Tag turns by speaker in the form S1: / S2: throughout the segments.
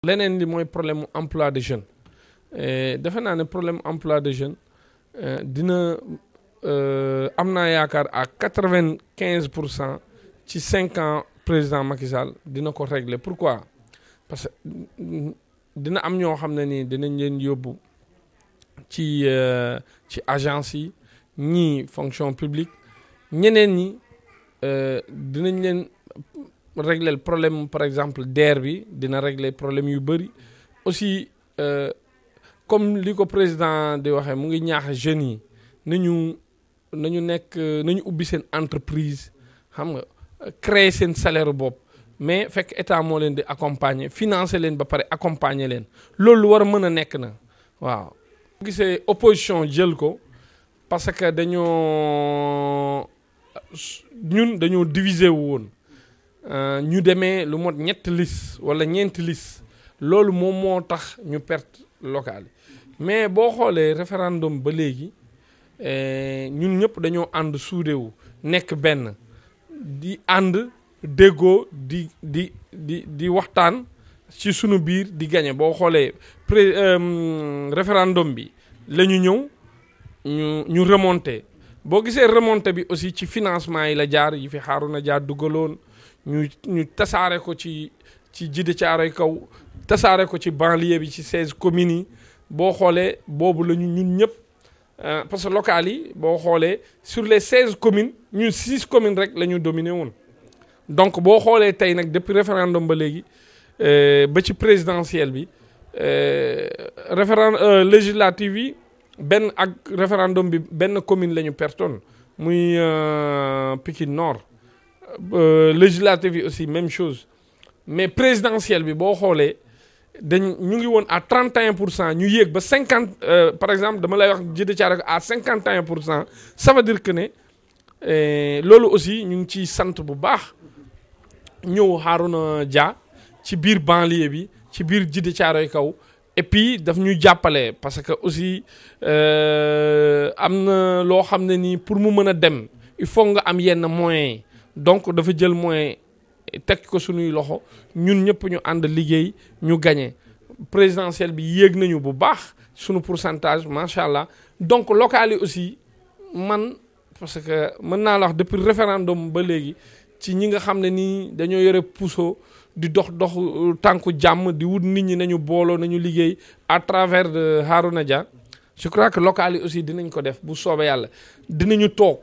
S1: leneen li mooy problème mu emploi de jeunes eh, defe naa ne problème emploi de jeunes eh, dina euh, am naa yaakaar à quatre vingt quinze pour cent ci cinq ans président Macky dina ko régler pourquoi parce que mm, dina am ñoo xam ne nii dinañ leen yóbbu ci euh, ci agence yi ñii fonction publique ñeneen ñi euh, dinañ leen. régler problème par exemple DER bi dina régler problème yu bëri aussi euh, comme li ko président di waxee mu ngi ñaax jeunes yi nañu nañu nekk nañu ubbi seen entreprise xam nga créer seen salaire bopp mais fekk état moo leen di accompagner financer leen ba pare accompagner leen loolu war a mën a nekk na waaw. gisee opposition jël ko parce que dañoo ñun dañoo diviser wu woon. Euh, ñu demee lu mot ñett lis wala ñeenti liste loolu moom moo tax ñu perte locale yi mais boo xoolee référendum ba léegi eh, ñun ñëpp dañoo ànd suudewu nekk benn di ànd déggoo di di di di waxtaan ci sunu biir di gañe boo xoolee pré euh, référendum bi la ñu ñëw ñu ñu remonté boo gisee remontée bi aussi ci financement yi la jaar yi fi xaaru Harouna Dia dugaloon ñu ñu tasaare ko ci ci Djiddah Thiaroye Kaw tasaare ko ci banlieue bi ci seize communes yi boo xoolee boobu la ñu ñun ñëpp euh, parce que locales yi boo xoolee sur les seize communes ñun six communes rek la ñu dominé woon donc boo xoolee tey nag depuis référendum ba léegi euh, ba ci présidentielle bi euh, référendum législative yi benn ak référendum bi benn commune la ñu pertoon muy euh, Pikine Nord euh, législative yi aussi même chose mais présidentielle bi boo xoolee dañ ñu ngi woon à 31 pour cent ñu yéeg ba 50 euh, par exemple dama lay wax jënd caa rek à 51 pour cent ça veut que ne eh, loolu aussi ñu ngi ciy sant bu baax ñëw Harouna Dia ci biir banlieue bi ci biir jidde caaroy kaw et puis daf ñu jàppale parce que aussi euh, am na loo xam ne nii pour mu mën a dem il faut nga am yenn moyens donc dafa jël moyen teg ko suñuy loxo ñun ñëpp ñu ànd liggéey ñu gañe présidentielle bi yéeg nañu bu baax suñu pourcentage macha allah donc locales yi aussi man parce que mën naa la wax depuis référendum ba léegi ci ñi nga xam ne nii dañoo yore puso di dox dox tànku jàmm di wut nit ñi nañu booloo nañu liggéey à travers de euh, Harouna Dia je crois que local yi aussi dinañ ko def bu soobee yàlla ñu toog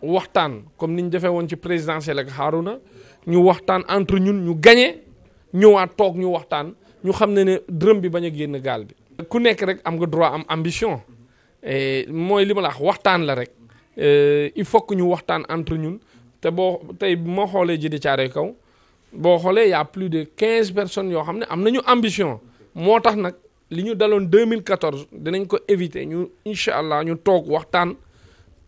S1: waxtaan comme ni ñu defee woon ci présidentiel ak Harouna ñu waxtaan entre ñun ñu gagné ñëwaat toog ñu waxtaan ñu xam ne ne dërëm bi bañ a génn gaal bi. ku nekk rek am nga droit am ambition mooy li waxtaan la rek euh, il faut ñu waxtaan entre ñun. te boo tey ma xoolee ji di caare kaw boo xoolee y' plus de quinze personnes yoo xam ne am nañu ambition moo tax nag li ñu daloon 2014 dinañ ko éviter ñu incha allah ñu toog waxtaan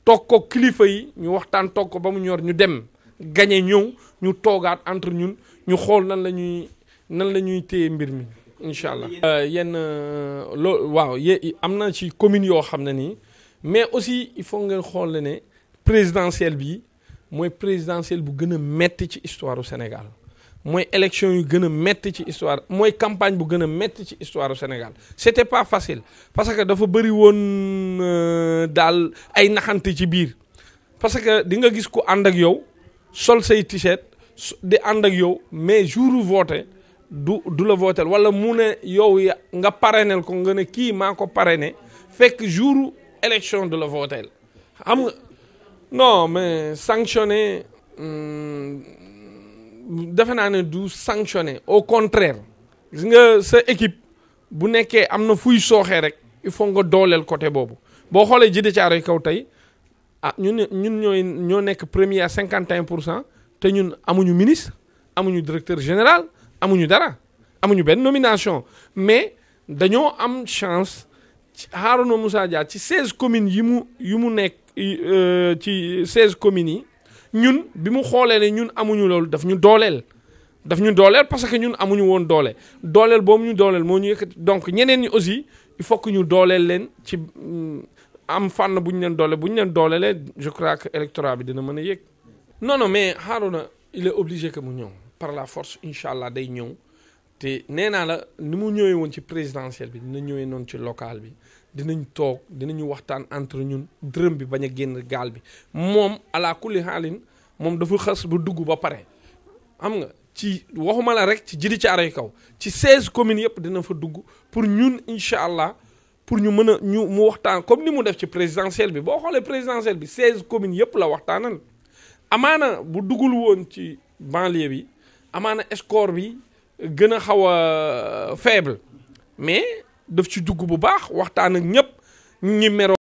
S1: toog ko kilifa yi ñu waxtaan toog ko ba mu ñor ñu dem gañe ñëw ñu toogaat entre ñun ñu xool nan la ñuy nan la ñuy téye mbir mi incha allah. yenn euh, euh, loo waaw ye am na ci commune yoo xam ne nii mais aussi il faut ngeen xool ne ne présidentielle bi. mooy présidentielle bu gën a metti ci histoire Sénégal mooy élection yu gën a metti ci histoire mooy campagne bu gën a metti ci histoire u Sénégal c'était pas facile parce que dafa bëri woon euh, daal ay naxante ci biir parce que di nga gis ku ànd ak yow sol say t-shirt di ànd ak yow mais jour voté du du la votel wala mu ne yow ya nga parrainel ko nga ne kii maa ko parrainé fekk jour élection du la votel xam non mais sanctionner mm, defe naa ne du sanctionner au contraire gis nga sa équipe bu nekkee am na fuy sooxee rek il faut nga dooleel côté boobu boo xoolee Jide Caaro yi kaw tey ah ñu ñun ñooy ñoo nekk premier à cinquante et un pour cent te ñun amuñu ministre amuñu directeur général amuñu dara amuñu benn nomination mais dañoo am chance ci Harouna Moussa Dia ci seize communes yi mu yi mu nekk. Euh, ci seize communes yi ñun bi mu xoolee ne ñun amuñu loolu daf ñu dooleel daf ñu dooleel parce que ñun amuñu woon doole dooleel boobu ñu dooleel moo ñu yëkkati donc ñeneen ñi aussi il faut ñu dooleel leen ci mm, am fànn bu ñu leen doole bu ñu leen doolelee je crois que électorat bi dina mën a yëg. non mais Harouna il est obligé que mu ñëw par la force incha allah day ñëw te nee naa la ni mu ñëwee woon ci présidentielle bi dina ñëwee noonu ci local bi. dinañ toog dinañu waxtaan entre ñun dërëm bi bañ a génn gaal bi moom ala kulli moom dafa xas bu dugg ba pare xam nga ci waxuma la rek ci jidi caaray kaw ci seize commune yëpp dina fa dugg pour ñun incha allah pour ñu mën a ñu mu waxtaan comme ni mu def ci présidentielle bi boo xoolee présidentielle bi seize commune yëpp la waxtaanal amaana bu duggul woon ci banlieue bi amaana score bi gën a xaw a faible mais def ci dugg bu baax waxtaan ak ñëpp ñi mero